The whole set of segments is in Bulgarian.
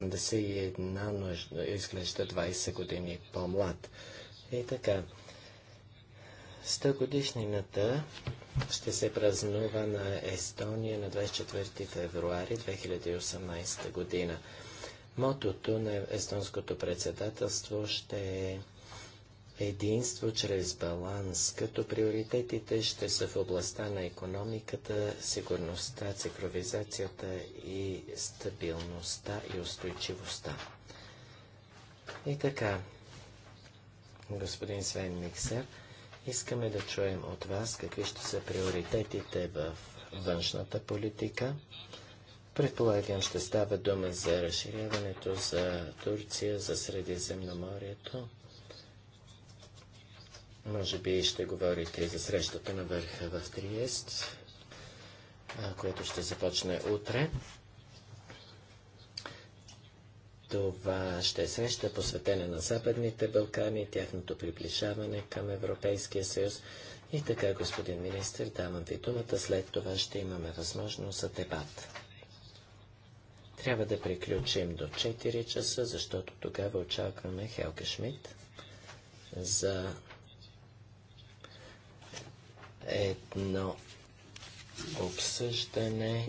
но изглежда 20 години по-млад. И така, 100 годишнината ще се празнува на Естония на 24 февруари 2018 година. Мотото на естонското председателство ще е единство чрез баланс, като приоритетите ще са в областта на економиката, сигурността, цифровизацията и стабилността и устойчивостта. И така, господин Свен Миксер, искаме да чуем от вас какви ще са приоритетите в външната политика. Предполагам, ще става дума за разширяването за Турция, за Средиземноморието. Може би ще говорите и за срещата на върха в Триест, което ще започне утре. Това ще е среща посветена на Западните Балкани, тяхното приближаване към Европейския съюз. И така, господин министр, давам ви думата. След това ще имаме възможност за дебат. Трябва да приключим до 4 часа, защото тогава очакваме Хелка Шмидт за едно обсъждане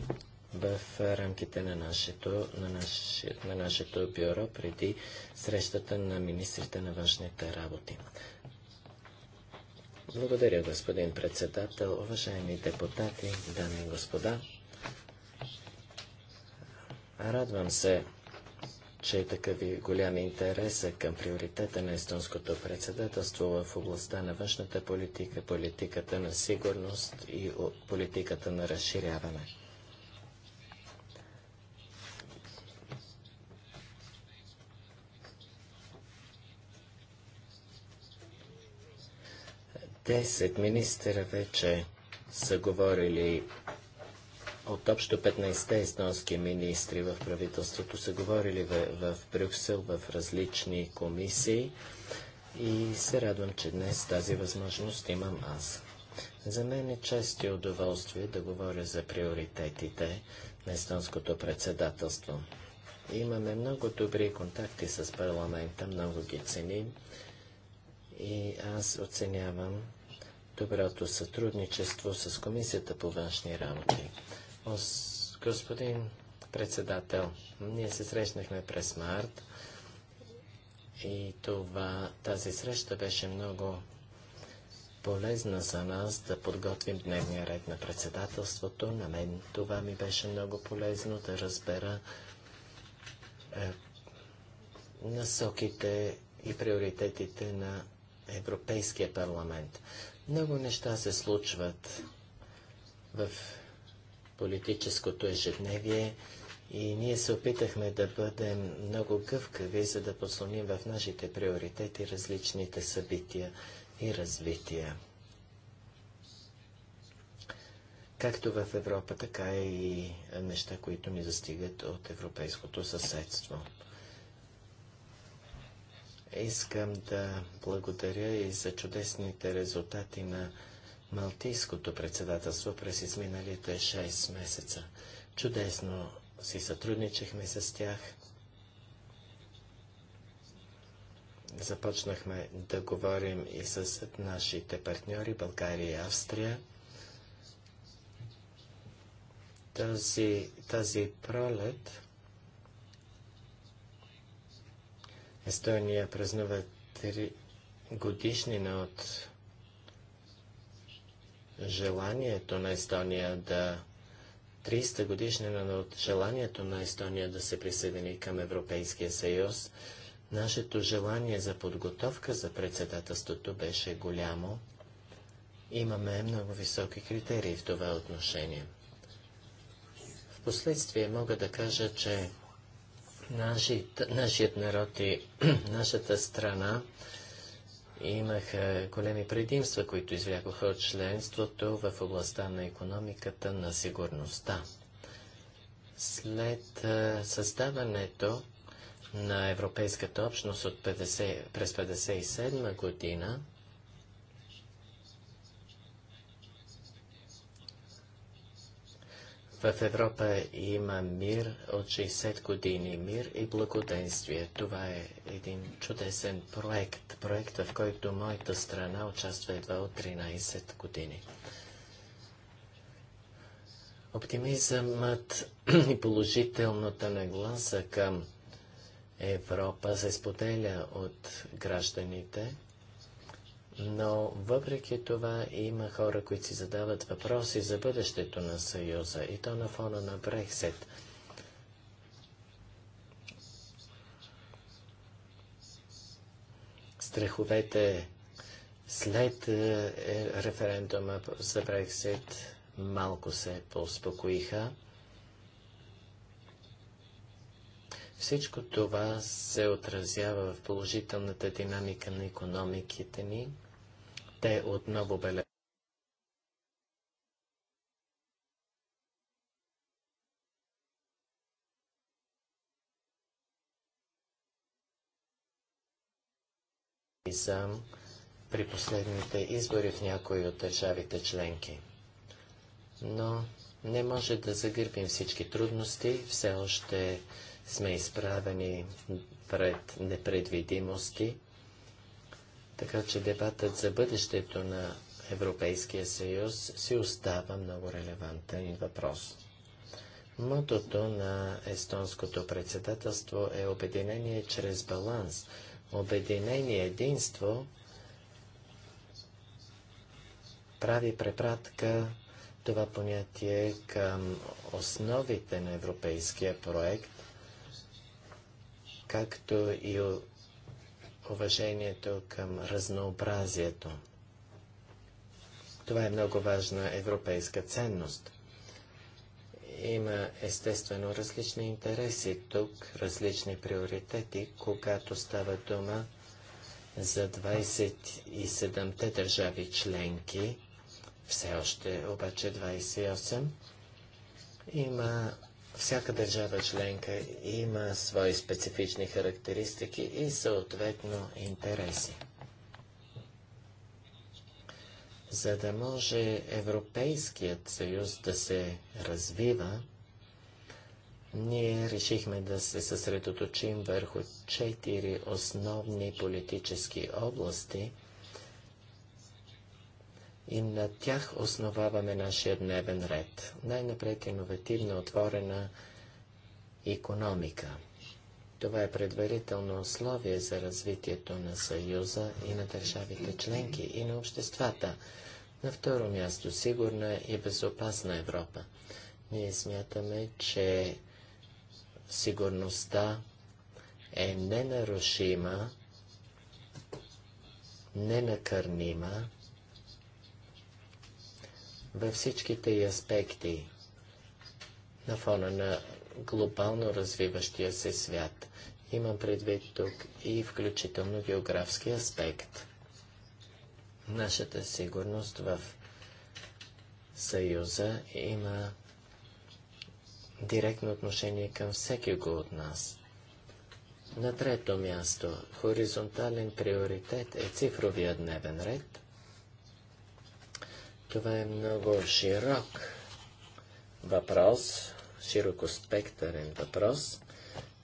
в рамките на нашето, на, нашето, на нашето бюро преди срещата на министрите на външните работи. Благодаря, господин председател, уважаеми депутати, дами и господа. Радвам се, че е такъв голям интерес е към приоритета на естонското председателство в областта на външната политика, политиката на сигурност и политиката на разширяване. Десет министра вече са говорили от общо 15-те естонски министри в правителството са говорили в, в Брюксел, в различни комисии и се радвам, че днес тази възможност имам аз. За мен е чест и удоволствие да говоря за приоритетите на естонското председателство. Имаме много добри контакти с парламента, много ги ценим и аз оценявам доброто сътрудничество с Комисията по външни работи господин председател, ние се срещнахме през март и това, тази среща беше много полезна за нас да подготвим дневния ред на председателството. На мен това ми беше много полезно да разбера е, насоките и приоритетите на Европейския парламент. Много неща се случват в политическото ежедневие и ние се опитахме да бъдем много гъвкави, за да послоним в нашите приоритети различните събития и развития. Както в Европа, така и неща, които ни застигат от европейското съседство. Искам да благодаря и за чудесните резултати на Малтийското председателство през изминалите 6 месеца. Чудесно си сътрудничахме с тях. Започнахме да говорим и с нашите партньори България и Австрия. Тази, тази пролет Естония празнува три годишнина от желанието на Естония да 300 годишнина на от желанието на Естония да се присъедини към Европейския съюз, нашето желание за подготовка за председателството беше голямо. Имаме много високи критерии в това отношение. Впоследствие мога да кажа, че нашият, нашият народ и нашата страна имаха големи предимства, които извлякоха от членството в областта на економиката на сигурността. След създаването на Европейската общност от 50, през 1957 година, В Европа има мир от 60 години, мир и благоденствие. Това е един чудесен проект, проект, в който моята страна участва едва от 13 години. Оптимизъмът и положителната нагласа към Европа се споделя от гражданите – но въпреки това има хора, които си задават въпроси за бъдещето на Съюза и то на фона на Брексит. Страховете след е, е, референдума за Брексит малко се поуспокоиха. Всичко това се отразява в положителната динамика на економиките ни те отново беле. при последните избори в някои от държавите членки. Но не може да загърбим всички трудности, все още сме изправени пред непредвидимости. Така че дебатът за бъдещето на Европейския съюз си остава много релевантен въпрос. Мотото на естонското председателство е обединение чрез баланс. Обединение единство прави препратка това понятие към основите на европейския проект, както и уважението към разнообразието. Това е много важна европейска ценност. Има естествено различни интереси тук, различни приоритети, когато става дума за 27-те държави членки, все още обаче 28, има всяка държава членка има свои специфични характеристики и съответно интереси. За да може Европейският съюз да се развива, ние решихме да се съсредоточим върху четири основни политически области, и на тях основаваме нашия дневен ред. Най-напред иновативна, отворена економика. Това е предварително условие за развитието на Съюза и на държавите членки и на обществата. На второ място сигурна и безопасна Европа. Ние смятаме, че сигурността е ненарушима, ненакърнима във всичките й аспекти на фона на глобално развиващия се свят. Имам предвид тук и включително географски аспект. Нашата сигурност в Съюза има директно отношение към всеки го от нас. На трето място, хоризонтален приоритет е цифровия дневен ред – това е много широк въпрос, широкоспектърен въпрос.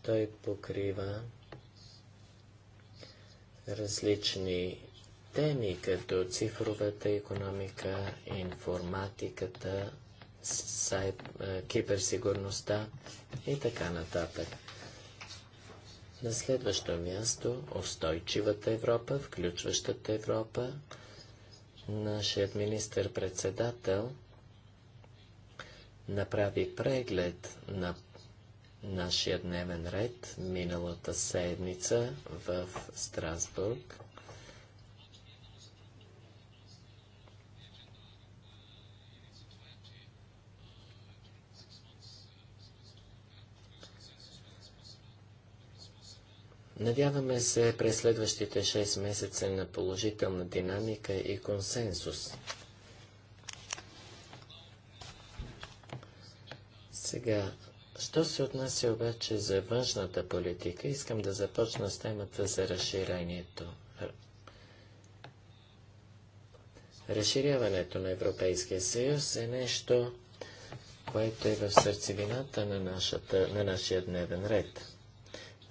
Той покрива различни теми, като цифровата економика, информатиката, сайб, киберсигурността и така нататък. На следващо място устойчивата Европа, включващата Европа, Нашият министр-председател направи преглед на нашия дневен ред миналата седмица в Страсбург. Надяваме се през следващите 6 месеца на положителна динамика и консенсус. Сега, що се отнася обаче за външната политика, искам да започна с темата за разширението. Разширяването на Европейския съюз е нещо, което е в сърцевината на, нашата, на нашия дневен ред.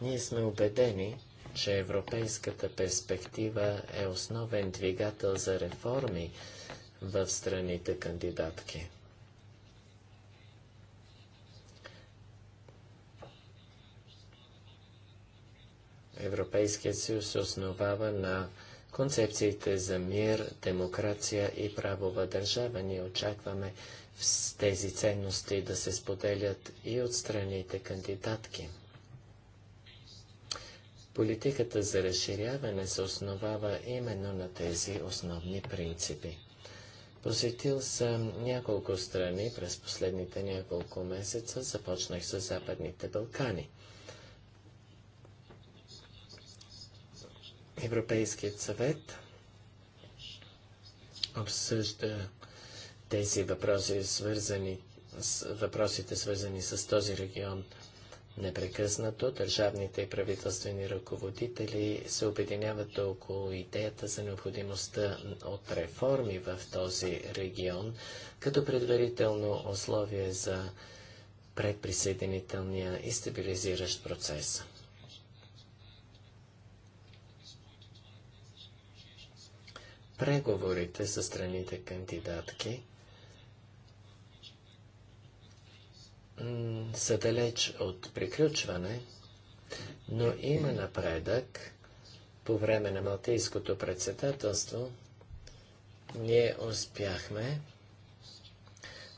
Ние сме убедени, че европейската перспектива е основен двигател за реформи в страните кандидатки. Европейският съюз се основава на концепциите за мир, демокрация и правова държава. Ние очакваме с тези ценности да се споделят и от страните кандидатки. Политиката за разширяване се основава именно на тези основни принципи. Посетил съм няколко страни през последните няколко месеца. Започнах с Западните Балкани. Европейският съвет обсъжда тези въпроси, свързани с въпросите, свързани с този регион Непрекъснато държавните и правителствени ръководители се обединяват около идеята за необходимостта от реформи в този регион, като предварително условие за предприсъединителния и стабилизиращ процес. Преговорите с страните кандидатки – са далеч от приключване, но има напредък по време на Малтийското председателство. Ние успяхме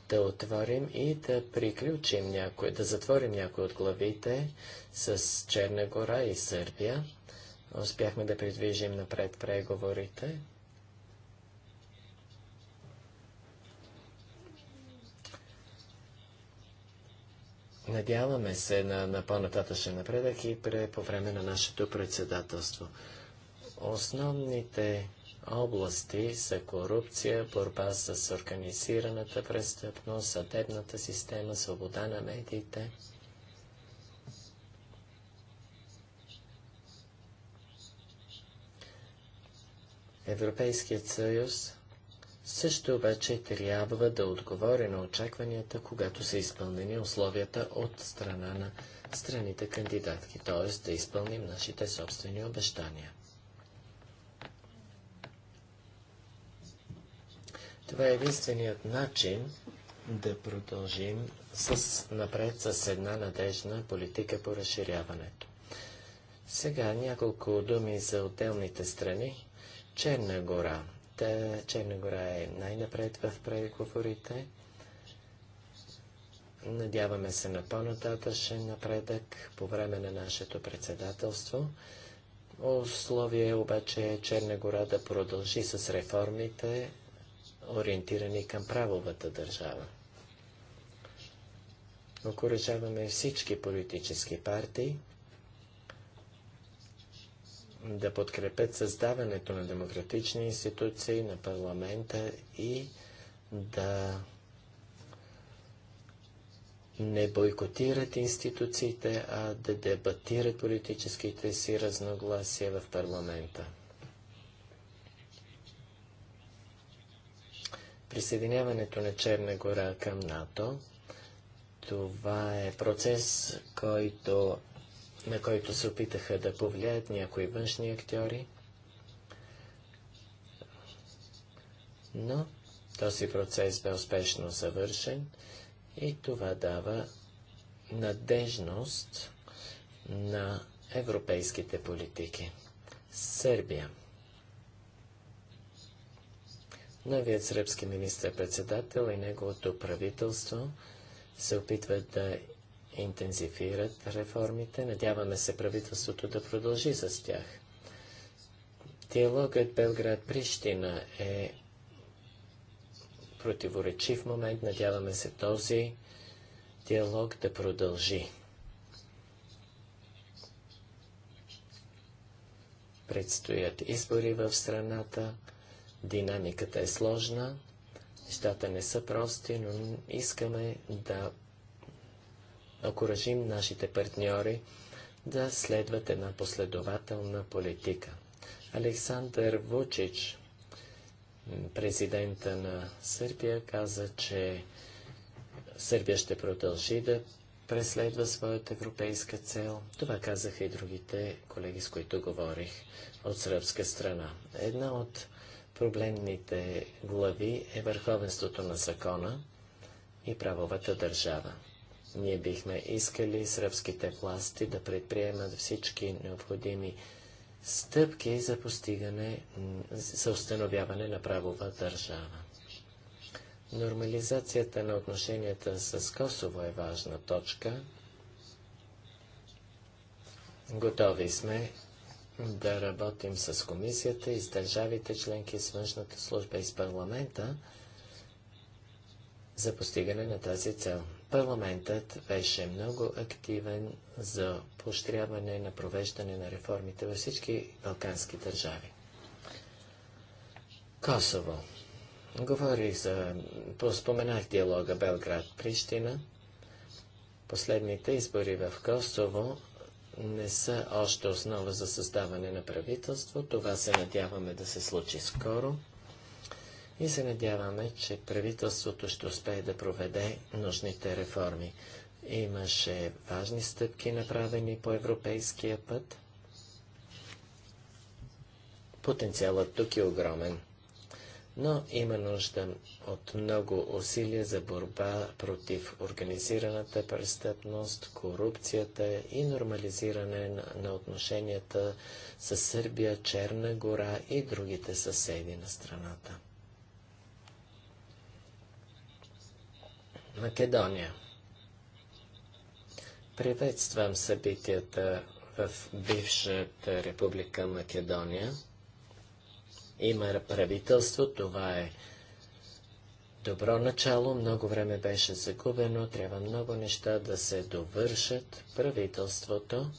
да отворим и да приключим някои, да затворим някои от главите с Черна гора и Сърбия. Успяхме да придвижим напред преговорите Надяваме се на, на по-нататъчен напредък и пре, по време на нашето председателство. Основните области са корупция, борба с организираната престъпност, съдебната система, свобода на медиите. Европейският съюз също обаче трябва да отговори на очакванията, когато са изпълнени условията от страна на страните кандидатки, т.е. да изпълним нашите собствени обещания. Това е единственият начин да продължим с, напред с една надежна политика по разширяването. Сега няколко думи за отделните страни. Черна гора – Черна гора е най-напред в преговорите. Надяваме се на по-нататъчен напредък по време на нашето председателство. Условие обаче е Черна гора да продължи с реформите, ориентирани към правовата държава. Окоръжаваме всички политически партии да подкрепят създаването на демократични институции, на парламента и да не бойкотират институциите, а да дебатират политическите си разногласия в парламента. Присъединяването на Черна гора към НАТО това е процес, който на който се опитаха да повлияят някои външни актьори. Но този процес бе успешно завършен и това дава надежност на европейските политики. Сърбия. Новият сръбски министр-председател и неговото правителство се опитват да Интензифират реформите. Надяваме се правителството да продължи с тях. Диалогът Белград-Прищина е противоречив момент. Надяваме се този диалог да продължи. Предстоят избори в страната. Динамиката е сложна. Нещата не са прости, но искаме да окоръжим нашите партньори да следват една последователна политика. Александър Вучич, президента на Сърбия, каза, че Сърбия ще продължи да преследва своята европейска цел. Това казаха и другите колеги, с които говорих от сръбска страна. Една от проблемните глави е върховенството на закона и правовата държава. Ние бихме искали сръбските власти да предприемат всички необходими стъпки за постигане, за установяване на правова държава. Нормализацията на отношенията с Косово е важна точка. Готови сме да работим с комисията и с държавите членки, с външната служба и с парламента за постигане на тази цел. Парламентът беше много активен за поощряване на провеждане на реформите във всички балкански държави. Косово. Говори за... Споменах диалога Белград-Прищина. Последните избори в Косово не са още основа за създаване на правителство. Това се надяваме да се случи скоро и се надяваме, че правителството ще успее да проведе нужните реформи. Имаше важни стъпки, направени по европейския път. Потенциалът тук е огромен, но има нужда от много усилия за борба против организираната престъпност, корупцията и нормализиране на, отношенията с Сърбия, Черна гора и другите съседи на страната. Македония. Приветствам събитията в бившата република Македония. Има правителство, това е добро начало, много време беше загубено, трябва много неща да се довършат. Правителството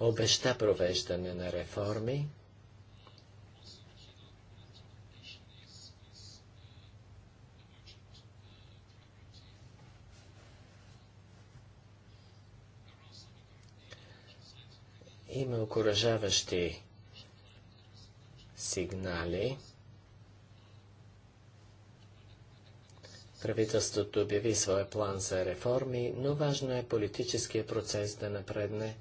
обеща провеждане на реформи, Има окоръжаващи сигнали. Правителството обяви своя план за реформи, но важно е политическия процес да напредне,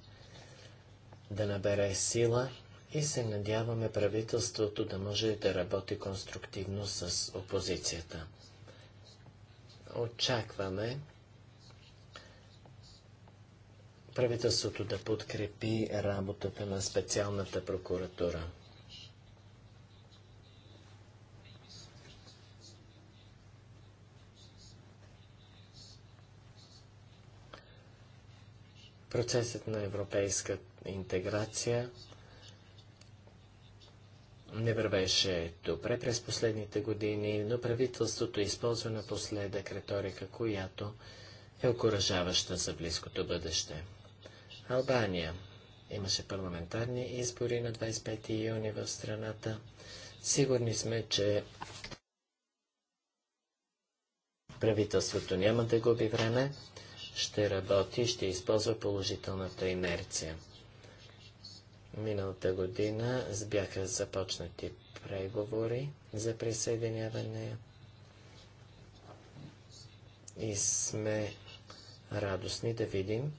да набере сила и се надяваме правителството да може да работи конструктивно с опозицията. Очакваме правителството да подкрепи работата на специалната прокуратура. Процесът на европейска интеграция не вървеше добре през последните години, но правителството използва напоследък риторика, която е окоръжаваща за близкото бъдеще. Албания. Имаше парламентарни избори на 25 юни в страната. Сигурни сме, че правителството няма да губи време, ще работи и ще използва положителната инерция. Миналата година бяха започнати преговори за присъединяване и сме радостни да видим,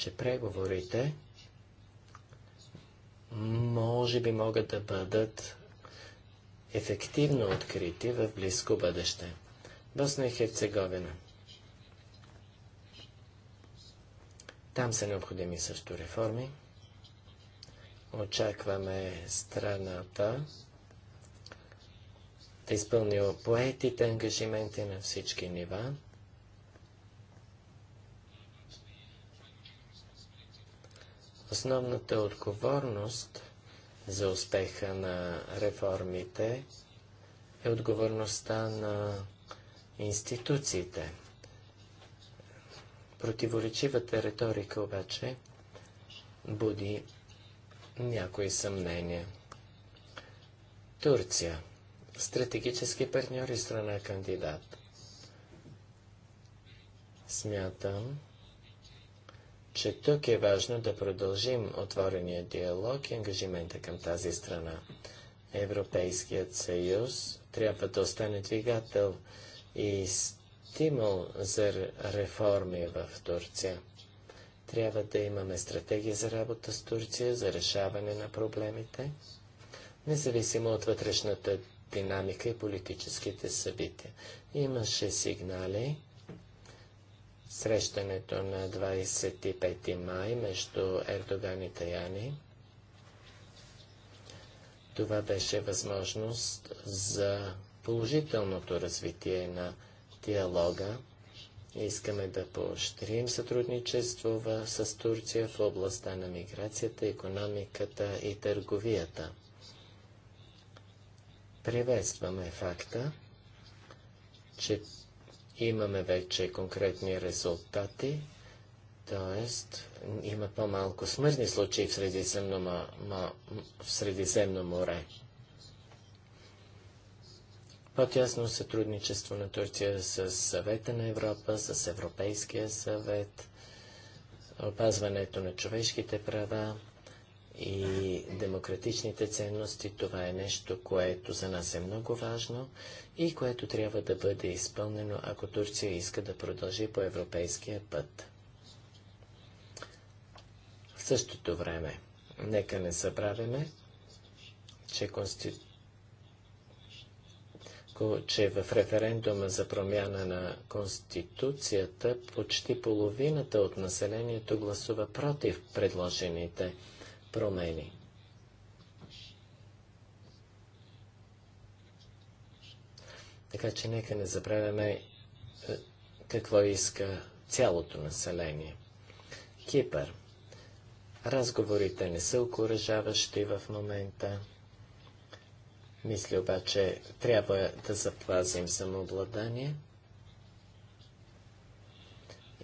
че преговорите може би могат да бъдат ефективно открити в близко бъдеще. Босна и Херцеговина. Там са необходими също реформи. Очакваме страната да изпълни поетите ангажименти на всички нива. Основната отговорност за успеха на реформите е отговорността на институциите. Противоречивата риторика обаче буди някои съмнения. Турция стратегически партньор и страна кандидат. Смятам, че тук е важно да продължим отворения диалог и ангажимента към тази страна. Европейският съюз трябва да остане двигател и стимул за реформи в Турция. Трябва да имаме стратегия за работа с Турция, за решаване на проблемите, независимо от вътрешната динамика и политическите събития. Имаше сигнали, срещането на 25 май между Ердоган и Таяни. Това беше възможност за положителното развитие на диалога. Искаме да поощрим сътрудничество в, с Турция в областта на миграцията, економиката и търговията. Приветстваме факта, че Имаме вече конкретни резултати, т.е. има по-малко смъртни случаи в Средиземно, в Средиземно море. По-тясно сътрудничество на Турция с Съвета на Европа, с Европейския съвет, опазването на човешките права, и демократичните ценности, това е нещо, което за нас е много важно и което трябва да бъде изпълнено, ако Турция иска да продължи по европейския път. В същото време, нека не забравяме, че, конститу... че в референдума за промяна на Конституцията почти половината от населението гласува против предложените промени. Така че нека не забравяме е, какво иска цялото население. Кипър. Разговорите не са окоръжаващи в момента. Мисля обаче, трябва да запазим самообладание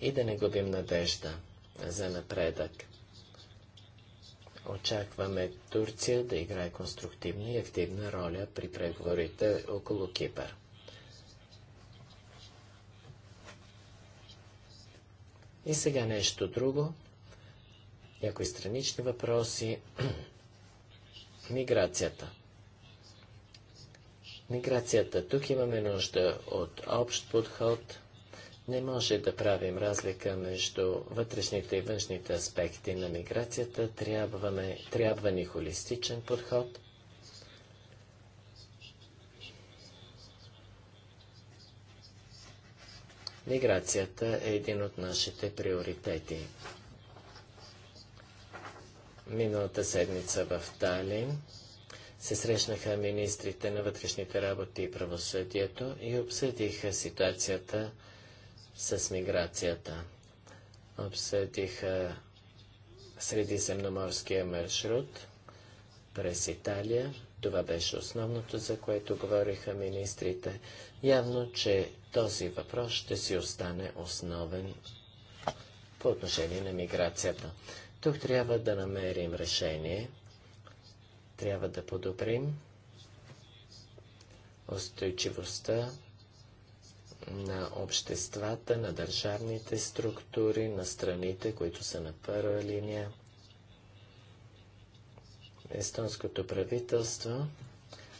и да не губим надежда за напредък. Очакваме Турция да играе конструктивна и активна роля при преговорите около Кипър. И сега нещо друго. Някои странични въпроси. Миграцията. Миграцията. Тук имаме нужда от общ подход – не може да правим разлика между вътрешните и външните аспекти на миграцията. Трябваме, трябва ни холистичен подход. Миграцията е един от нашите приоритети. Миналата седмица в Талин се срещнаха министрите на вътрешните работи и правосъдието и обсъдиха ситуацията с миграцията. Обсъдиха средиземноморския маршрут през Италия. Това беше основното, за което говориха министрите. Явно, че този въпрос ще си остане основен по отношение на миграцията. Тук трябва да намерим решение, трябва да подобрим устойчивостта на обществата, на държавните структури, на страните, които са на първа линия. Естонското правителство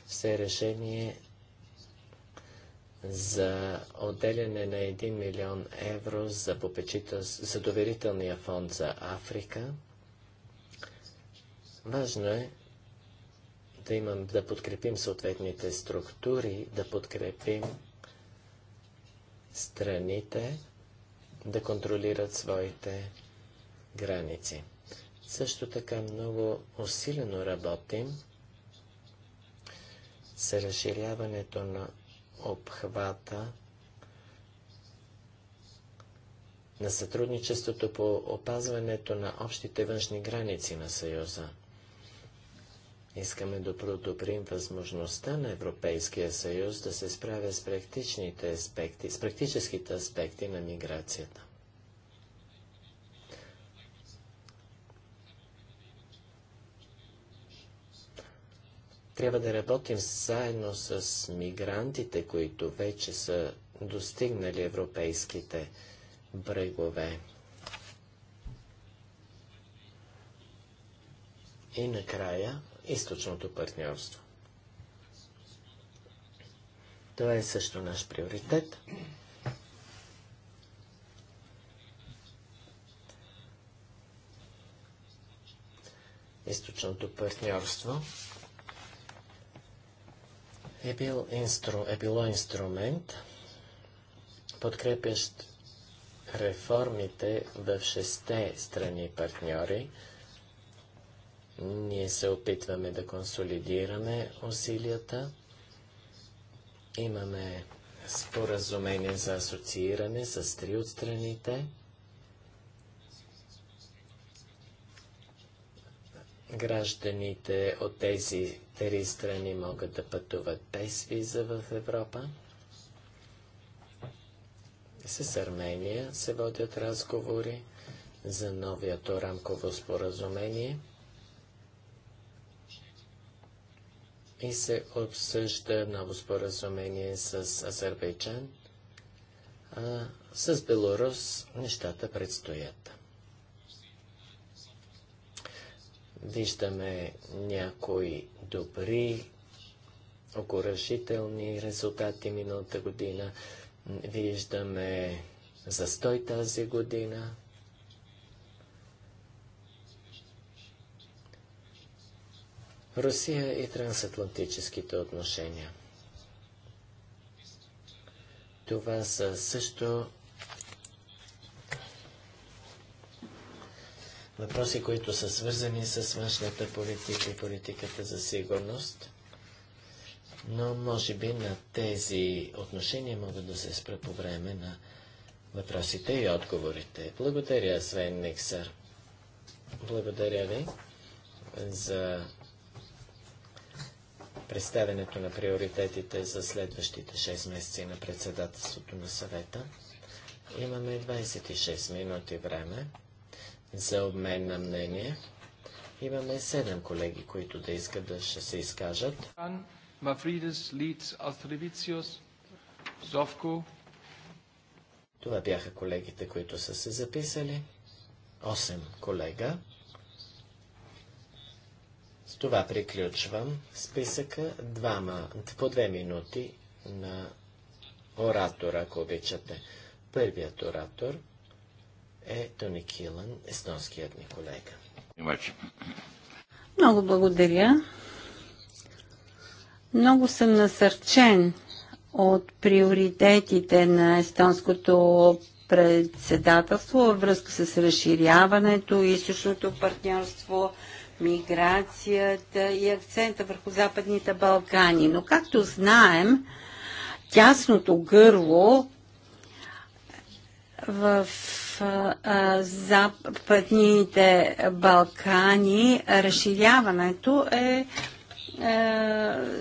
все решение за отделяне на 1 милион евро за, попечител... за доверителния фонд за Африка. Важно е да, имам, да подкрепим съответните структури, да подкрепим страните да контролират своите граници. Също така много усилено работим с разширяването на обхвата на сътрудничеството по опазването на общите външни граници на Съюза. Искаме да продобрим възможността на Европейския съюз да се справя с практичните аспекти, с практическите аспекти на миграцията. Трябва да работим заедно с мигрантите, които вече са достигнали европейските брегове. И накрая източното партньорство. Това е също наш приоритет. Източното партньорство е, бил инстру, е било инструмент, подкрепящ реформите в шесте страни партньори, ние се опитваме да консолидираме усилията. Имаме споразумение за асоцииране с три от страните. Гражданите от тези три страни могат да пътуват без виза в Европа. С Армения се водят разговори за новието рамково споразумение – и се обсъжда ново споразумение с Азербайджан. А, с Белорус нещата предстоят. Виждаме някои добри, окоръжителни резултати миналата година. Виждаме застой тази година. Русия и трансатлантическите отношения. Това са също въпроси, които са свързани с външната политика и политиката за сигурност. Но може би на тези отношения могат да се спра по време на въпросите и отговорите. Благодаря, Свен Никсър. Благодаря ви за представенето на приоритетите за следващите 6 месеца на председателството на съвета. Имаме 26 минути време за обмен на мнение. Имаме 7 колеги, които да искат да ще се изкажат. Мафридес, Лиц, Астревициус, Зовко. Това бяха колегите, които са се записали. 8 колега. С това приключвам списъка. Двама, по две минути на оратора, ако обичате. Първият оратор е Тони Килан, естонският ми колега. Много благодаря. Много съм насърчен от приоритетите на естонското председателство във връзка с разширяването и източното партньорство миграцията и акцента върху Западните Балкани. Но както знаем, тясното гърло в Западните Балкани разширяването е, е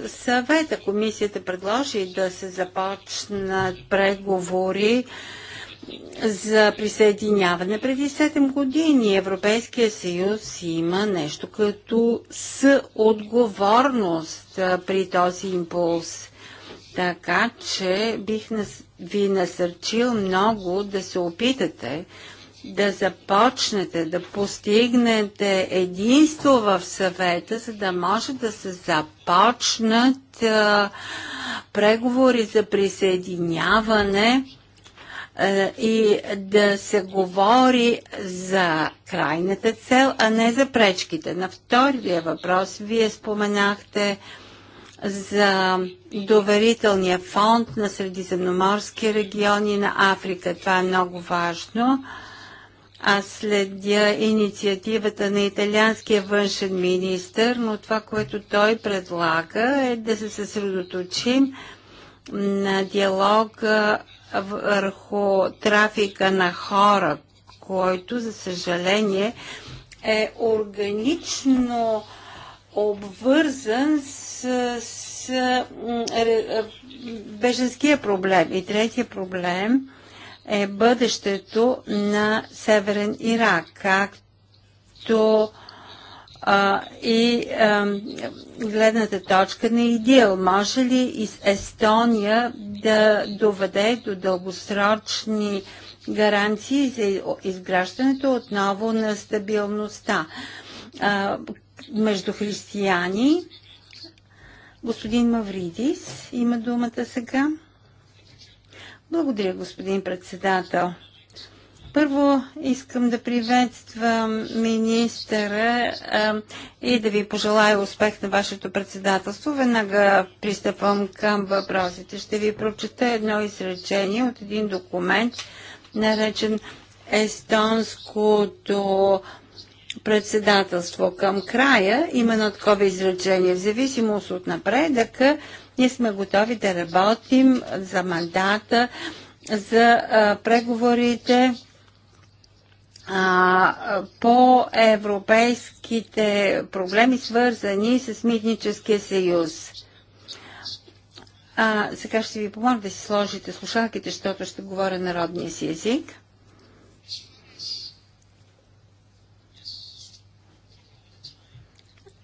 съвета. Комисията предложи да се започнат преговори за присъединяване. Преди 7 години Европейския съюз има нещо като с отговорност при този импулс. Така че бих ви насърчил много да се опитате да започнете, да постигнете единство в съвета, за да може да се започнат преговори за присъединяване е, и да се говори за крайната цел, а не за пречките. На втория въпрос вие споменахте за доверителния фонд на средиземноморски региони на Африка. Това е много важно. Аз следя инициативата на италианския външен министр, но това, което той предлага е да се съсредоточим на диалога върху трафика на хора, който, за съжаление, е органично обвързан с, с беженския проблем. И третия проблем е бъдещето на Северен Ирак, както а, и а, гледната точка на ИДИЛ. Може ли Естония да доведе до дългосрочни гаранции за изграждането отново на стабилността а, между християни? Господин Мавридис има думата сега. Благодаря, господин председател. Първо искам да приветствам министъра а, и да ви пожелая успех на вашето председателство. Веднага пристъпвам към въпросите. Ще ви прочета едно изречение от един документ, наречен Естонското председателство. Към края има едно такова изречение. В зависимост от напредъка, ние сме готови да работим за мандата, за а, преговорите а, по европейските проблеми, свързани с митническия съюз. А, сега ще ви помоля да си сложите слушалките, защото ще говоря народния си език.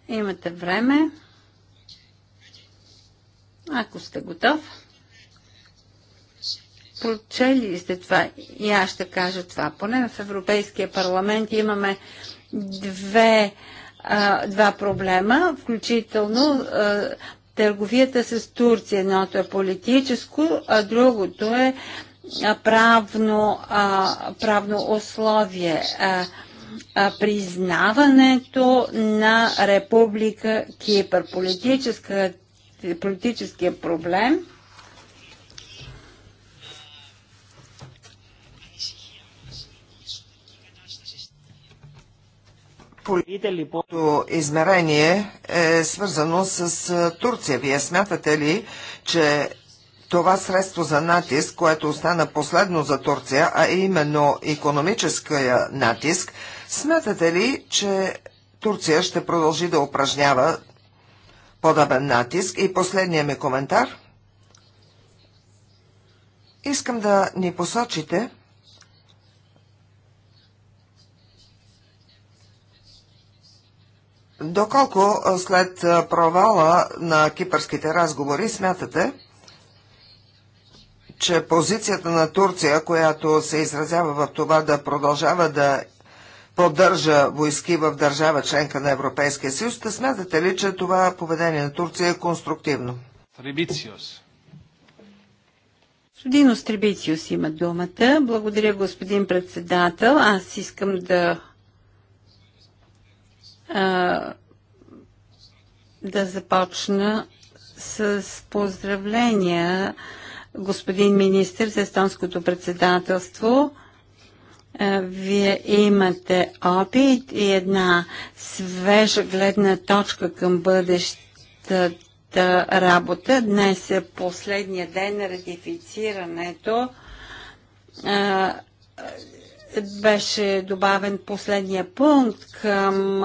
Имате време. Ако сте готов прочели сте това и аз ще кажа това. Поне в Европейския парламент имаме две, а, два проблема, включително а, търговията с Турция. Едното е политическо, а другото е правно, а, правно условие. А, признаването на Република Кипър. Политическия проблем Политическото измерение е свързано с Турция. Вие смятате ли, че това средство за натиск, което остана последно за Турция, а именно економическия натиск, смятате ли, че Турция ще продължи да упражнява подобен натиск? И последният ми коментар. Искам да ни посочите Доколко след провала на кипърските разговори смятате, че позицията на Турция, която се изразява в това да продължава да поддържа войски в държава членка на Европейския съюз, да смятате ли, че това поведение на Турция е конструктивно? Трибициос. Судин Остребициус има думата. Благодаря, господин председател. Аз искам да да започна с поздравления господин министр за естонското председателство. Вие имате опит и една свежа гледна точка към бъдещата работа. Днес е последния ден на ратифицирането беше добавен последния пункт към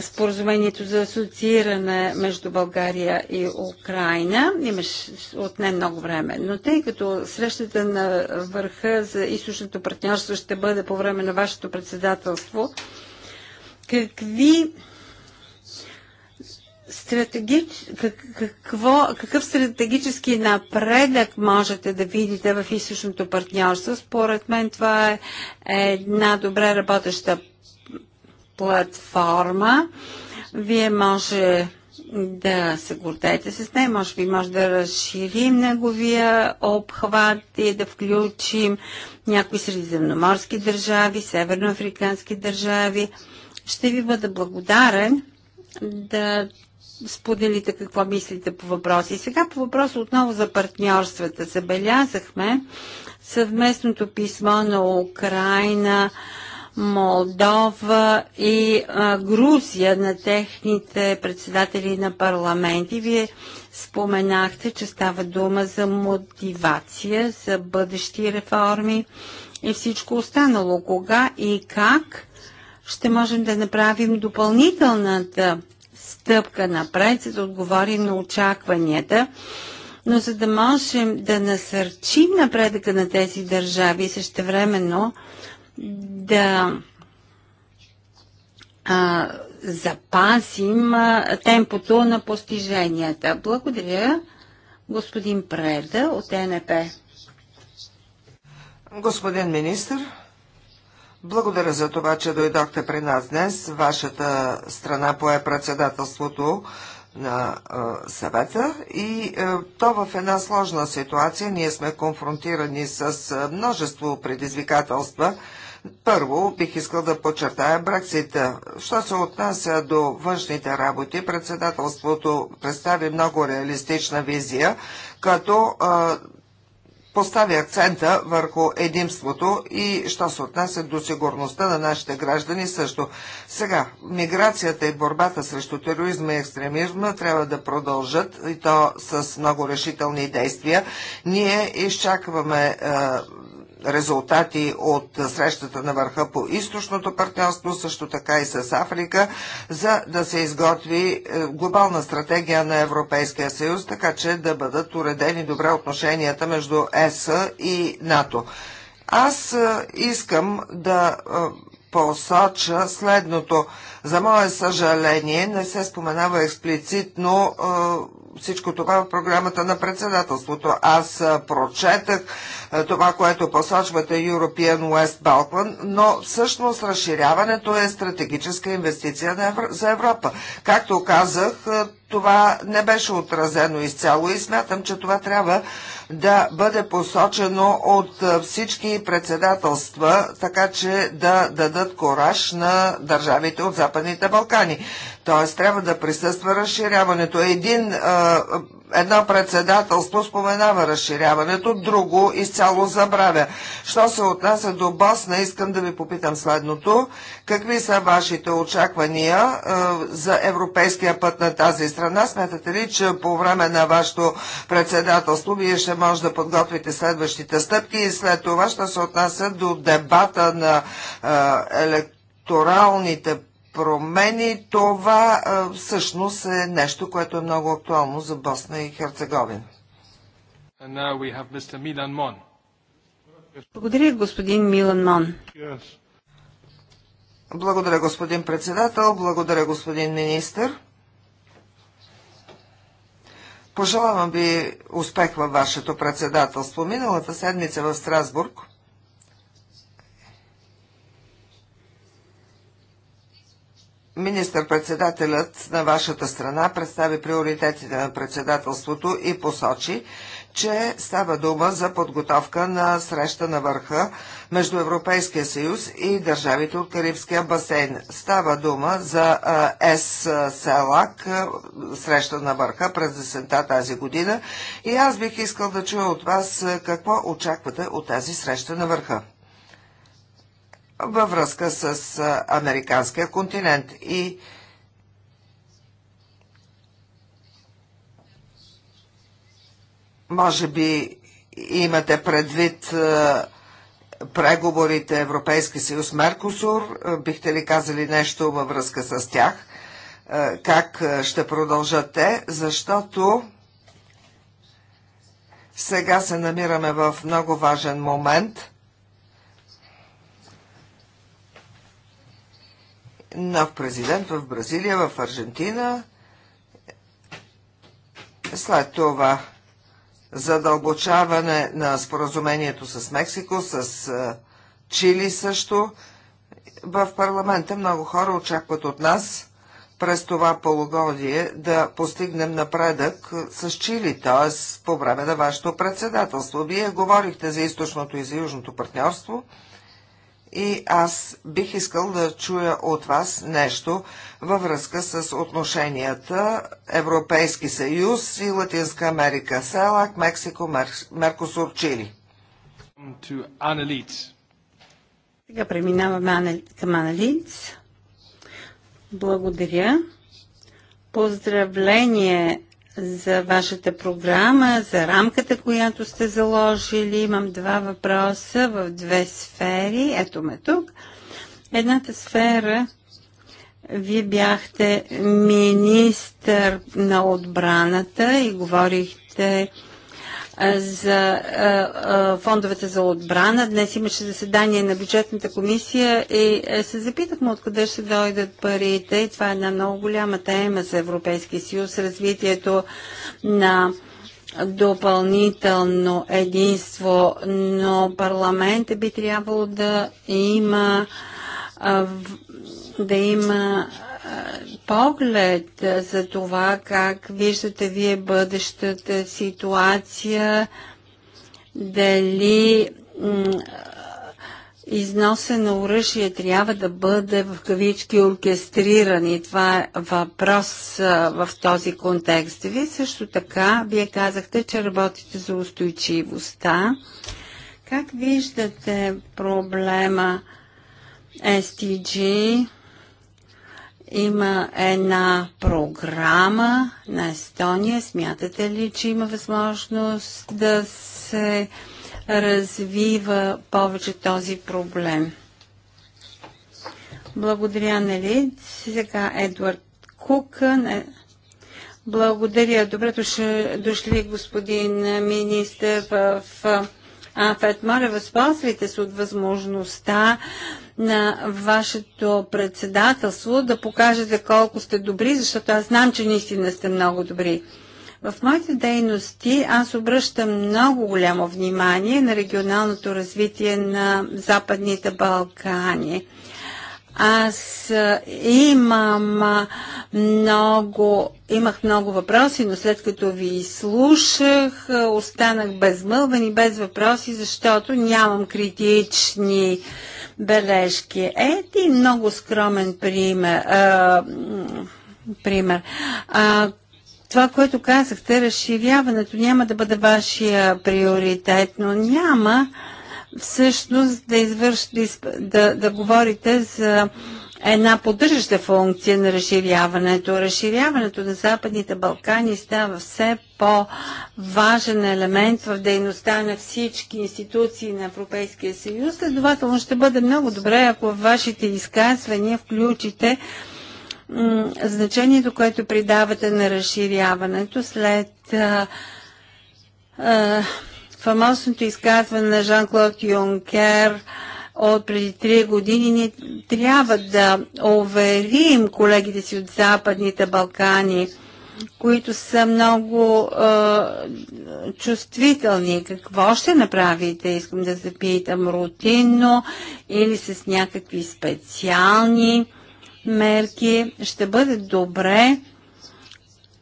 споразумението за асоцииране между България и Украина. Имаш отне много време, но тъй като срещата на върха за източното партньорство ще бъде по време на вашето председателство, какви стратегич... какво, какъв стратегически напредък можете да видите в източното партньорство? Според мен това е една добре работеща платформа. Вие може да се гордеете с нея, може би може да разширим неговия обхват и да включим някои средиземноморски държави, северноафрикански държави. Ще ви бъда благодарен да споделите какво мислите по въпроса. И сега по въпроса отново за партньорствата. Забелязахме съвместното писмо на Украина, Молдова и а, Грузия на техните председатели на парламенти. Вие споменахте, че става дума за мотивация, за бъдещи реформи и всичко останало. Кога и как ще можем да направим допълнителната стъпка напред, за да отговорим на очакванията. Но за да можем да насърчим напредъка на тези държави и същевременно да а, запасим а, темпото на постиженията. Благодаря, господин Преда от ЕНП. Господин министр, благодаря за това, че дойдохте при нас днес. Вашата страна пое председателството на е, съвета и е, то в една сложна ситуация. Ние сме конфронтирани с множество предизвикателства. Първо, бих искал да подчертая Брексита. Що се отнася до външните работи, председателството представи много реалистична визия, като е, постави акцента върху единството и що се отнася до сигурността на нашите граждани също. Сега, миграцията и борбата срещу тероризма и екстремизма трябва да продължат и то с много решителни действия. Ние изчакваме е, резултати от срещата на върха по източното партньорство, също така и с Африка, за да се изготви е, глобална стратегия на Европейския съюз, така че да бъдат уредени добре отношенията между ЕС и НАТО. Аз е, искам да е, посоча следното. За мое съжаление не се споменава експлицитно всичко това в програмата на председателството. Аз прочетах това, което посочвате European West Balkan, но всъщност разширяването е стратегическа инвестиция за Европа. Както казах, това не беше отразено изцяло и смятам, че това трябва да бъде посочено от всички председателства, така че да дадат кораж на държавите от Западните Балкани. Т.е. трябва да присъства разширяването. Един, едно председателство споменава разширяването, друго изцяло забравя. Що се отнася до Босна, искам да ви попитам следното. Какви са вашите очаквания за европейския път на тази страна? Смятате ли, че по време на вашето председателство вие ще може да подготвите следващите стъпки и след това ще се отнася до дебата на електоралните промени, това всъщност е нещо, което е много актуално за Босна и Херцеговина. Благодаря, господин Милан Мон. Благодаря, господин председател. Благодаря, господин министр. Пожелавам ви успех във вашето председателство. Миналата седмица в Страсбург Министър-председателят на вашата страна представи приоритетите на председателството и посочи, че става дума за подготовка на среща на върха между Европейския съюз и държавите от Карибския басейн. Става дума за ЕС СЕЛАК, среща на върха през десента тази година и аз бих искал да чуя от вас какво очаквате от тази среща на върха във връзка с американския континент. И може би имате предвид преговорите Европейски съюз Меркосур. Бихте ли казали нещо във връзка с тях? Как ще продължат те? Защото сега се намираме в много важен момент – нов президент в Бразилия, в Аржентина. След това задълбочаване на споразумението с Мексико, с Чили също. В парламента много хора очакват от нас през това полугодие да постигнем напредък с Чили, т.е. по време на вашето председателство. Вие говорихте за източното и за южното партньорство – и аз бих искал да чуя от вас нещо във връзка с отношенията Европейски съюз и Латинска Америка, СЕЛАК, Мексико, Меркосур, Чили. Сега преминаваме към Аналиц. Благодаря. Поздравление за вашата програма, за рамката, която сте заложили. Имам два въпроса в две сфери. Ето ме тук. Едната сфера вие бяхте министър на отбраната и говорихте за фондовете за отбрана. Днес имаше заседание на бюджетната комисия и се запитахме откъде ще дойдат парите. И това е една много голяма тема за Европейския съюз. Развитието на допълнително единство, но парламентът би трябвало да има да има поглед за това как виждате вие бъдещата ситуация, дали износа на оръжие трябва да бъде в кавички оркестриран и това е въпрос в този контекст. Вие също така, вие казахте, че работите за устойчивостта. Как виждате проблема STG? Има една програма на Естония. Смятате ли, че има възможност да се развива повече този проблем? Благодаря, нали? Сега Едвард Кукън. Е- Благодаря. Добре дошли, господин министър в Афет. Моля, възползвайте се от възможността на вашето председателство, да покажете колко сте добри, защото аз знам, че наистина сте много добри. В моите дейности аз обръщам много голямо внимание на регионалното развитие на Западните Балкани. Аз имам много, имах много въпроси, но след като ви слушах, останах безмълвен и без въпроси, защото нямам критични бележки. Ети много скромен пример. А, пример. А, това, което казахте, разширяването няма да бъде вашия приоритет, но няма всъщност да, извърш, да, да, да говорите за една поддържаща функция на разширяването. Разширяването на Западните Балкани става все по-важен елемент в дейността на всички институции на Европейския съюз. Следователно ще бъде много добре, ако в вашите изказвания включите значението, което придавате на разширяването след а, а, фамосното изказване на Жан-Клод Юнкер – от преди три години, ние трябва да уверим колегите си от Западните Балкани, които са много е, чувствителни. Какво ще направите, искам да запитам, рутинно или с някакви специални мерки? Ще бъде добре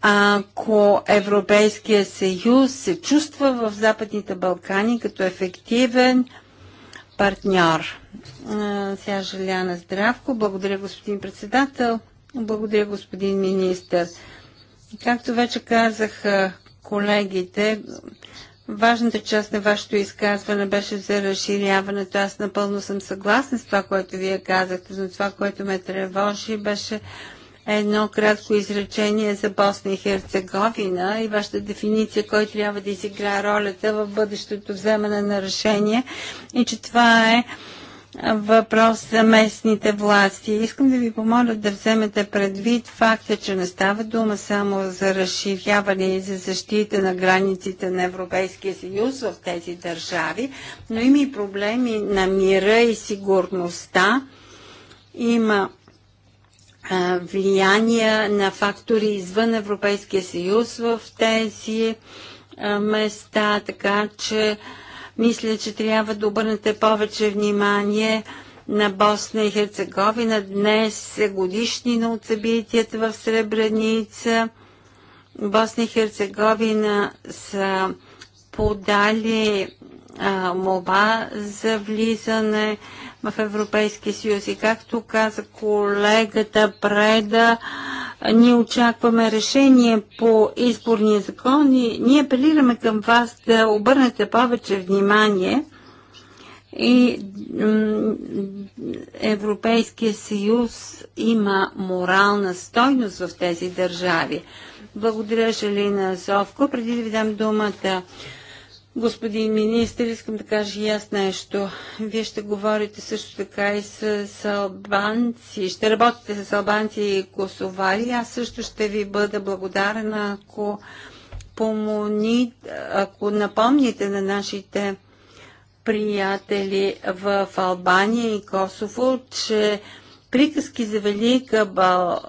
ако Европейския съюз се чувства в Западните Балкани като ефективен партньор. Сега Желяна Здравко. Благодаря, господин председател. Благодаря, господин министр. Както вече казах колегите, важната част на вашето изказване беше за разширяването. Аз напълно съм съгласна с това, което вие казахте, но това, което ме тревожи, беше едно кратко изречение за Босна и Херцеговина и вашата дефиниция, кой трябва да изиграе ролята в бъдещото вземане на решение и че това е въпрос за местните власти. Искам да ви помоля да вземете предвид факта, че не става дума само за разширяване и за защита на границите на Европейския съюз в тези държави, но има и проблеми на мира и сигурността. Има влияния на фактори извън Европейския съюз в тези места, така че мисля, че трябва да обърнете повече внимание на Босна и Херцеговина. Днес е годишнина от събитията в Сребреница. Босна и Херцеговина са подали мова за влизане в Европейския съюз. И както каза колегата Преда, ние очакваме решение по изборния закон и ние апелираме към вас да обърнете повече внимание и Европейския съюз има морална стойност в тези държави. Благодаря, Желина Зовко. Преди да ви дам думата Господин министр, искам да кажа и аз нещо. Вие ще говорите също така и с албанци. Ще работите с албанци и косовари. Аз също ще ви бъда благодарен, ако, помони, ако напомните на нашите приятели в Албания и Косово, че Приказки за Велика, Бал...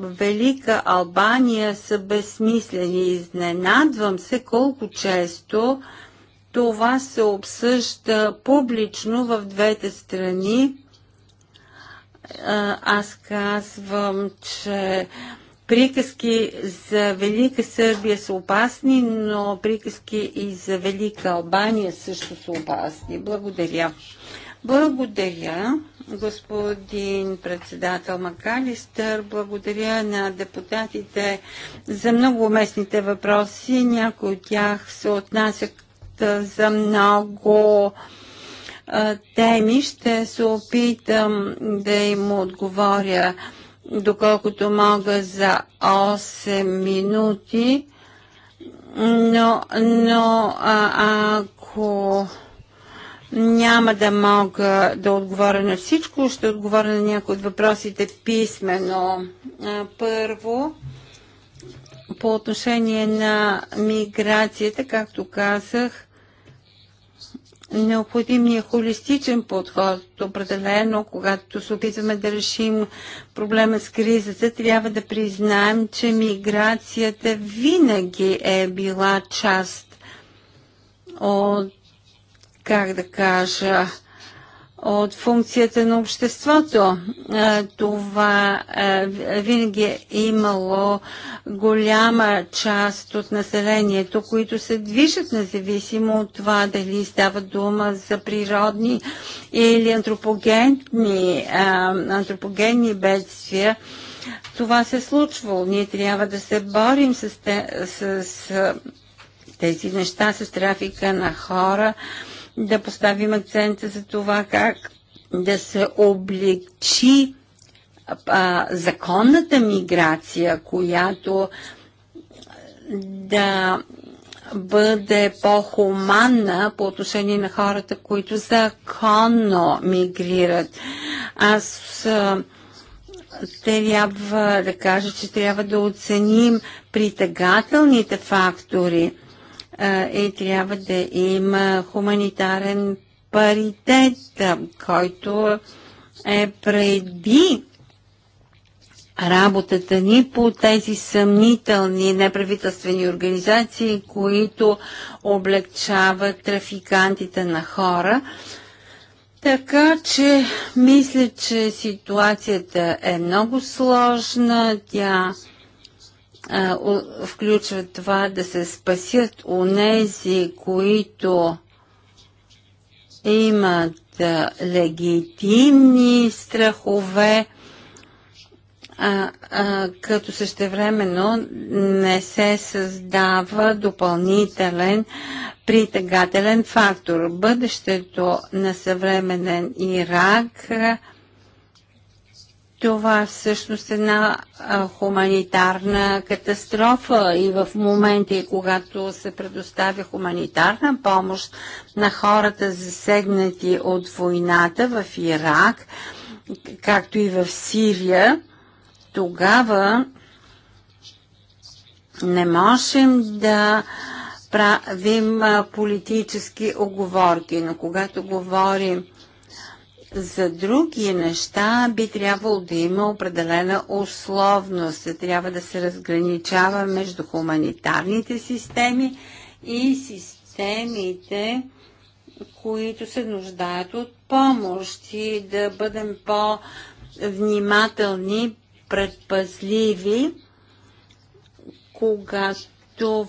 Велика Албания са безсмислени. Изненадвам се колко често това се обсъжда публично в двете страни. Аз казвам, че приказки за Велика Сърбия са опасни, но приказки и за Велика Албания също са опасни. Благодаря. Благодаря, господин председател Макалистър. Благодаря на депутатите за много уместните въпроси. Някои от тях се отнасят за много теми. Ще се опитам да им отговоря доколкото мога за 8 минути. Но, но а, ако няма да мога да отговоря на всичко, ще отговоря на някои от въпросите писменно. Първо, по отношение на миграцията, както казах, необходим е холистичен подход. Определено, когато се опитваме да решим проблема с кризата, трябва да признаем, че миграцията винаги е била част от как да кажа, от функцията на обществото. Това винаги е имало голяма част от населението, които се движат независимо от това дали става дума за природни или антропогенни, антропогенни бедствия. Това се е случва. Ние трябва да се борим с, те, с, с тези неща, с трафика на хора да поставим акцента за това как да се облегчи а, законната миграция, която да бъде по-хуманна по отношение на хората, които законно мигрират. Аз а, трябва да кажа, че трябва да оценим притегателните фактори – и трябва да има хуманитарен паритет, който е преди работата ни по тези съмнителни неправителствени организации, които облегчават трафикантите на хора. Така че мисля, че ситуацията е много сложна. Тя включва това да се спасят онези, които имат легитимни страхове, а, а, като същевременно не се създава допълнителен притегателен фактор. Бъдещето на съвременен Ирак – това е всъщност една хуманитарна катастрофа и в моменти, когато се предоставя хуманитарна помощ на хората засегнати от войната в Ирак, както и в Сирия, тогава не можем да правим политически оговорки, но когато говорим за други неща би трябвало да има определена условност. Трябва да се разграничава между хуманитарните системи и системите, които се нуждаят от помощ и да бъдем по-внимателни, предпазливи, когато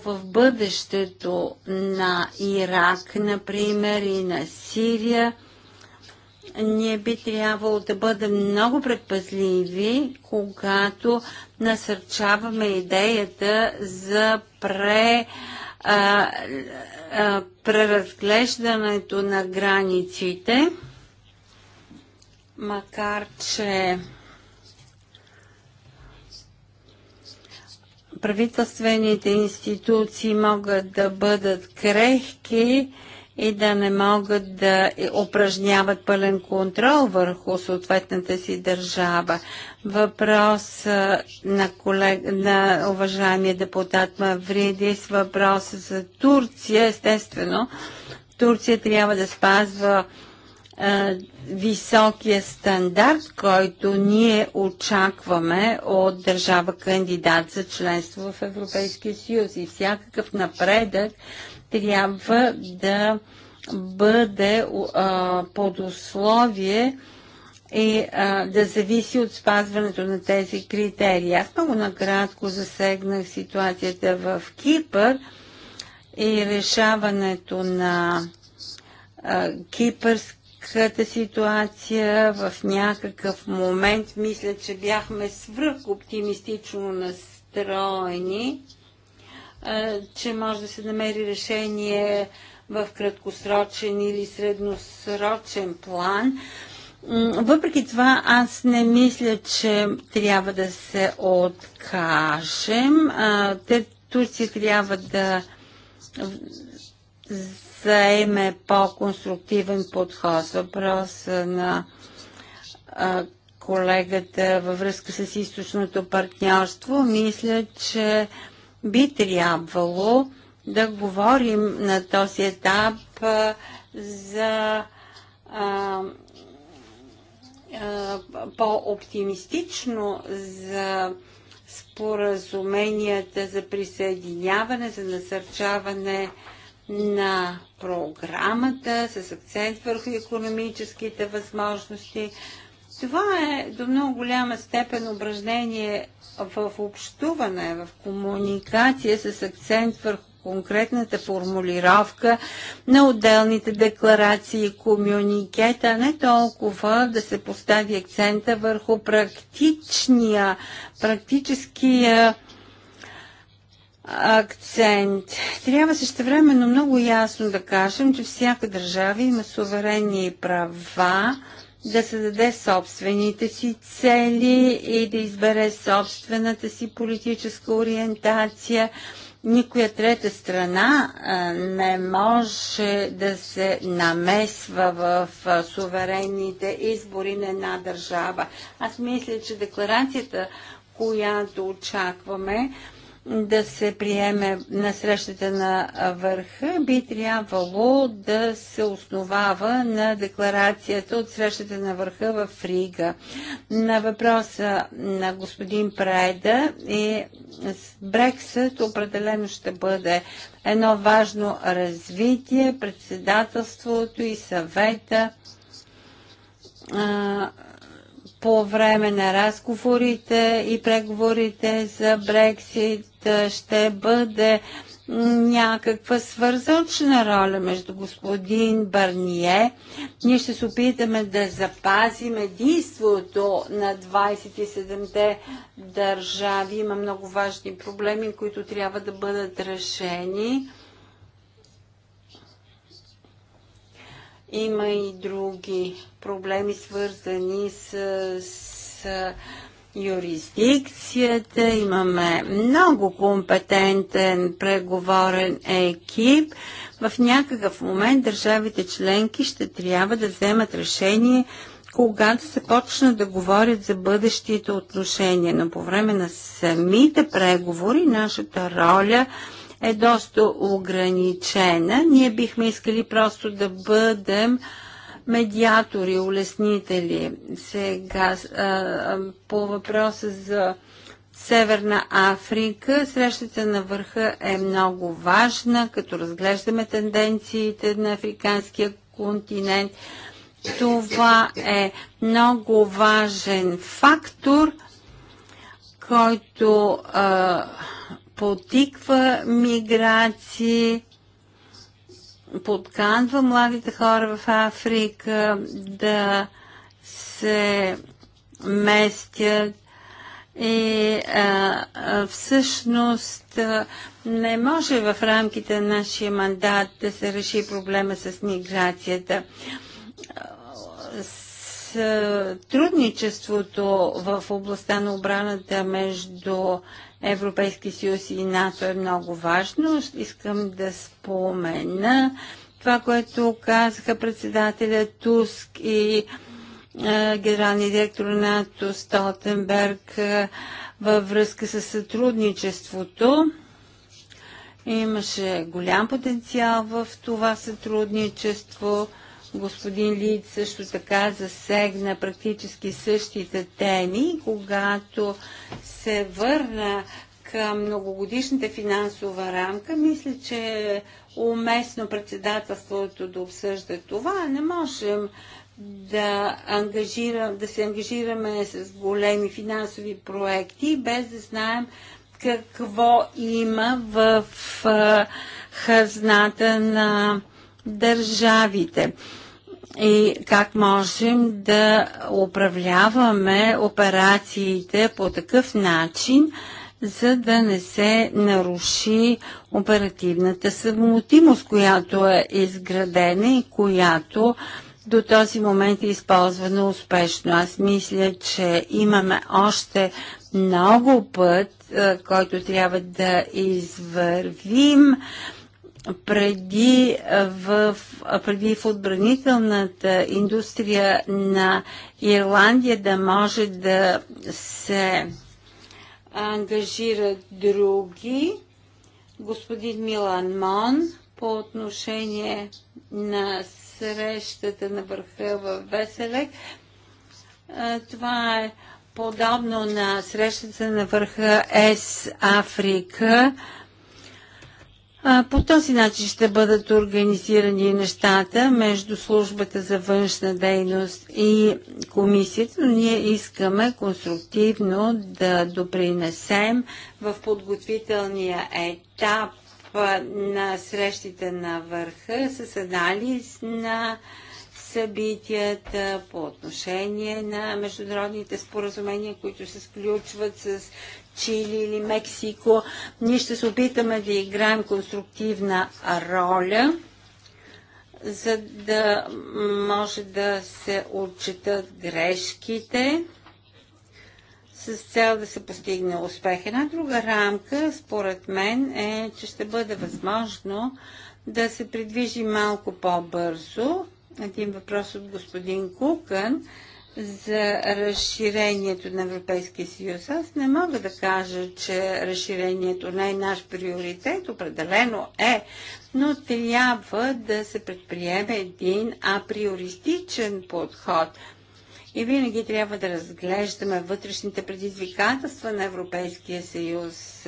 в бъдещето на Ирак, например, и на Сирия – ние би трябвало да бъдем много предпазливи, когато насърчаваме идеята за пре, а, а, преразглеждането на границите, макар че правителствените институции могат да бъдат крехки, и да не могат да упражняват пълен контрол върху съответната си държава. Въпрос на, колег... на уважаемия депутат Мавридис, въпрос за Турция, естествено. Турция трябва да спазва високия стандарт, който ние очакваме от държава кандидат за членство в Европейския съюз и всякакъв напредък трябва да бъде а, под условие и а, да зависи от спазването на тези критерии. Аз много накратко засегнах ситуацията в Кипър и решаването на а, кипърската ситуация в някакъв момент. Мисля, че бяхме свръх оптимистично настроени че може да се намери решение в краткосрочен или средносрочен план. Въпреки това, аз не мисля, че трябва да се откажем. Те, Турция трябва да заеме по-конструктивен подход. Въпрос на колегата във връзка с източното партньорство. Мисля, че би трябвало да говорим на този етап за по-оптимистично за споразуменията за присъединяване, за насърчаване на програмата с акцент върху економическите възможности. Това е до много голяма степен упражнение в общуване, в комуникация с акцент върху конкретната формулировка на отделните декларации и комюникета, не толкова да се постави акцента върху практичния, практическия акцент. Трябва също времено много ясно да кажем, че всяка държава има суверенни права, да създаде собствените си цели и да избере собствената си политическа ориентация. Никоя трета страна не може да се намесва в суверенните избори на една държава. Аз мисля, че декларацията, която очакваме, да се приеме на срещата на върха, би трябвало да се основава на декларацията от срещата на върха в Рига. На въпроса на господин Прайда и е Брексът определено ще бъде едно важно развитие, председателството и съвета по време на разговорите и преговорите за Брексит ще бъде някаква свързочна роля между господин Барние. Ние ще се опитаме да запазим единството на 27-те държави. Има много важни проблеми, които трябва да бъдат решени. Има и други проблеми, свързани с, с юрисдикцията, имаме много компетентен преговорен екип. В някакъв момент държавите членки ще трябва да вземат решение когато се почнат да говорят за бъдещите отношения, но по време на самите преговори нашата роля е доста ограничена. Ние бихме искали просто да бъдем медиатори, улеснители. Сега по въпроса за Северна Африка, срещата на върха е много важна, като разглеждаме тенденциите на африканския континент. Това е много важен фактор, който а, потиква миграции подканва младите хора в Африка да се местят и а, а, всъщност а, не може в рамките на нашия мандат да се реши проблема с миграцията сътрудничеството в областта на обраната между Европейски съюз и НАТО е много важно. Искам да спомена това, което казаха председателя Туск и е, генералния директор на НАТО Столтенберг е, във връзка с сътрудничеството. Имаше голям потенциал в това сътрудничество Господин Лид също така засегна практически същите теми, когато се върна към многогодишната финансова рамка, мисля, че е уместно председателството да обсъжда това. Не можем да, ангажирам, да се ангажираме с големи финансови проекти, без да знаем какво има в хазната на държавите и как можем да управляваме операциите по такъв начин, за да не се наруши оперативната съвмутимост, която е изградена и която до този момент е използвана успешно. Аз мисля, че имаме още много път, е, който трябва да извървим преди в, преди в отбранителната индустрия на Ирландия да може да се ангажират други. Господин Милан Мон по отношение на срещата на върха в Веселек. Това е подобно на срещата на върха С Африка по този начин ще бъдат организирани нещата между службата за външна дейност и комисията, но ние искаме конструктивно да допринесем в подготвителния етап на срещите на върха с анализ на събитията по отношение на международните споразумения, които се сключват с Чили или Мексико. Ние ще се опитаме да играем конструктивна роля, за да може да се отчитат грешките с цел да се постигне успех. Една друга рамка, според мен, е, че ще бъде възможно да се придвижи малко по-бързо. Един въпрос от господин Кукън за разширението на Европейския съюз. Аз не мога да кажа, че разширението не е наш приоритет, определено е, но трябва да се предприеме един априористичен подход. И винаги трябва да разглеждаме вътрешните предизвикателства на Европейския съюз.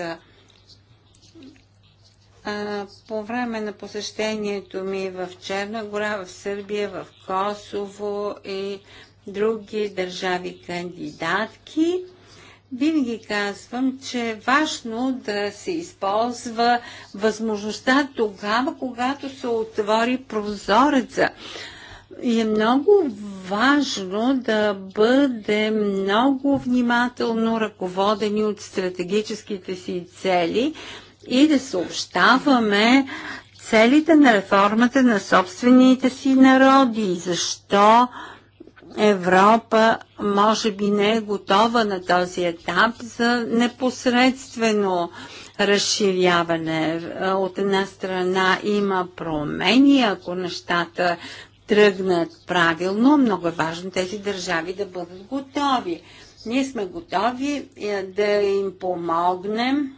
по време на посещението ми в Черна гора, в Сърбия, в Косово и други държави кандидатки. Винаги казвам, че е важно да се използва възможността тогава, когато се отвори прозореца. И е много важно да бъдем много внимателно ръководени от стратегическите си цели и да съобщаваме целите на реформата на собствените си народи. Защо Европа може би не е готова на този етап за непосредствено разширяване. От една страна има промени, ако нещата тръгнат правилно, много е важно тези държави да бъдат готови. Ние сме готови е, да им помогнем,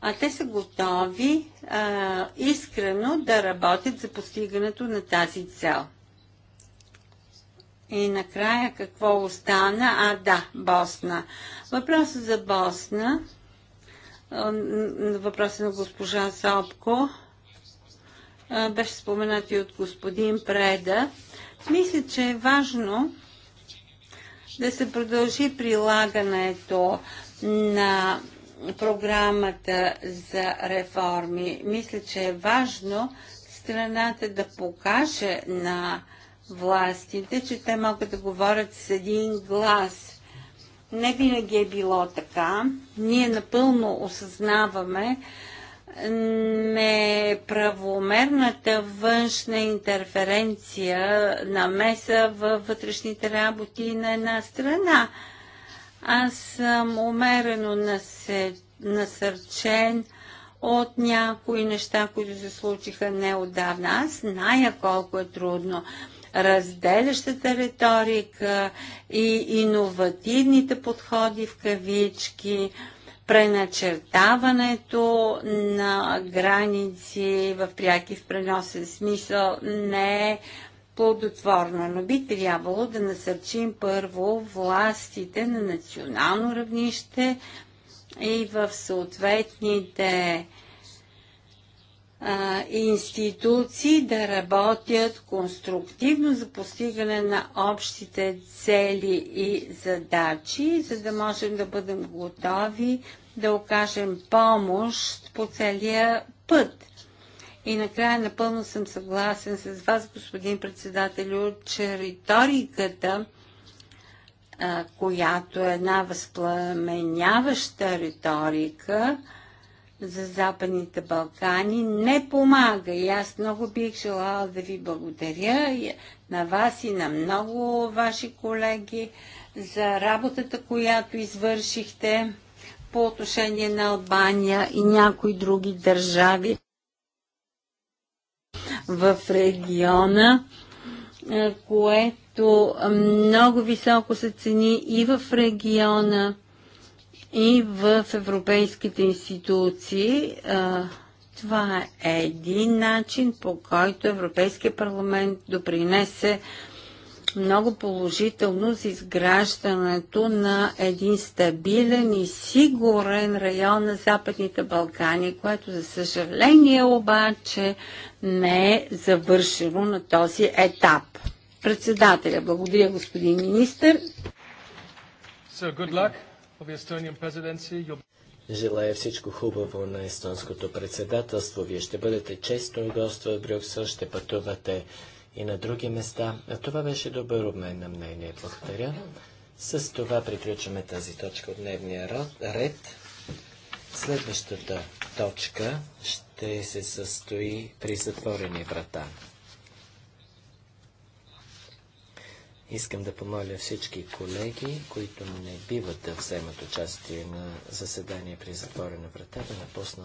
а те са готови а, искрено да работят за постигането на тази цел. И накрая какво остана? А, да, Босна. Въпросът за Босна, е, въпросът на госпожа Сопко, е, беше споменат и от господин Преда. Мисля, че е важно да се продължи прилагането на програмата за реформи. Мисля, че е важно страната да покаже на властите, че те могат да говорят с един глас. Не винаги е било така. Ние напълно осъзнаваме неправомерната външна интерференция на меса във вътрешните работи на една страна. Аз съм умерено насърчен от някои неща, които се случиха неодавна. Аз зная колко е трудно разделящата риторика и иновативните подходи в кавички, преначертаването на граници в пряки в преносен смисъл не е плодотворно, но би трябвало да насърчим първо властите на национално равнище и в съответните а, институции да работят конструктивно за постигане на общите цели и задачи, за да можем да бъдем готови да окажем помощ по целия път. И накрая напълно съм съгласен с вас, господин председателю, че риториката, която е една възпламеняваща риторика, за Западните Балкани не помага. И аз много бих желала да ви благодаря на вас и на много ваши колеги за работата, която извършихте по отношение на Албания и някои други държави в региона, е, което много високо се цени и в региона и в европейските институции. Това е един начин, по който Европейския парламент допринесе много положително за изграждането на един стабилен и сигурен район на Западните Балкани, което за съжаление обаче не е завършено на този етап. Председателя, благодаря господин министр. So good luck. Желая всичко хубаво на естонското председателство. Вие ще бъдете често гост в Брюксел, ще пътувате и на други места. А това беше добър обмен на мнение. Благодаря. С това приключваме тази точка от дневния ред. Следващата точка ще се състои при затворени врата. Искам да помоля всички колеги, които не биват да вземат участие на заседание при затворена врата, да напуснат.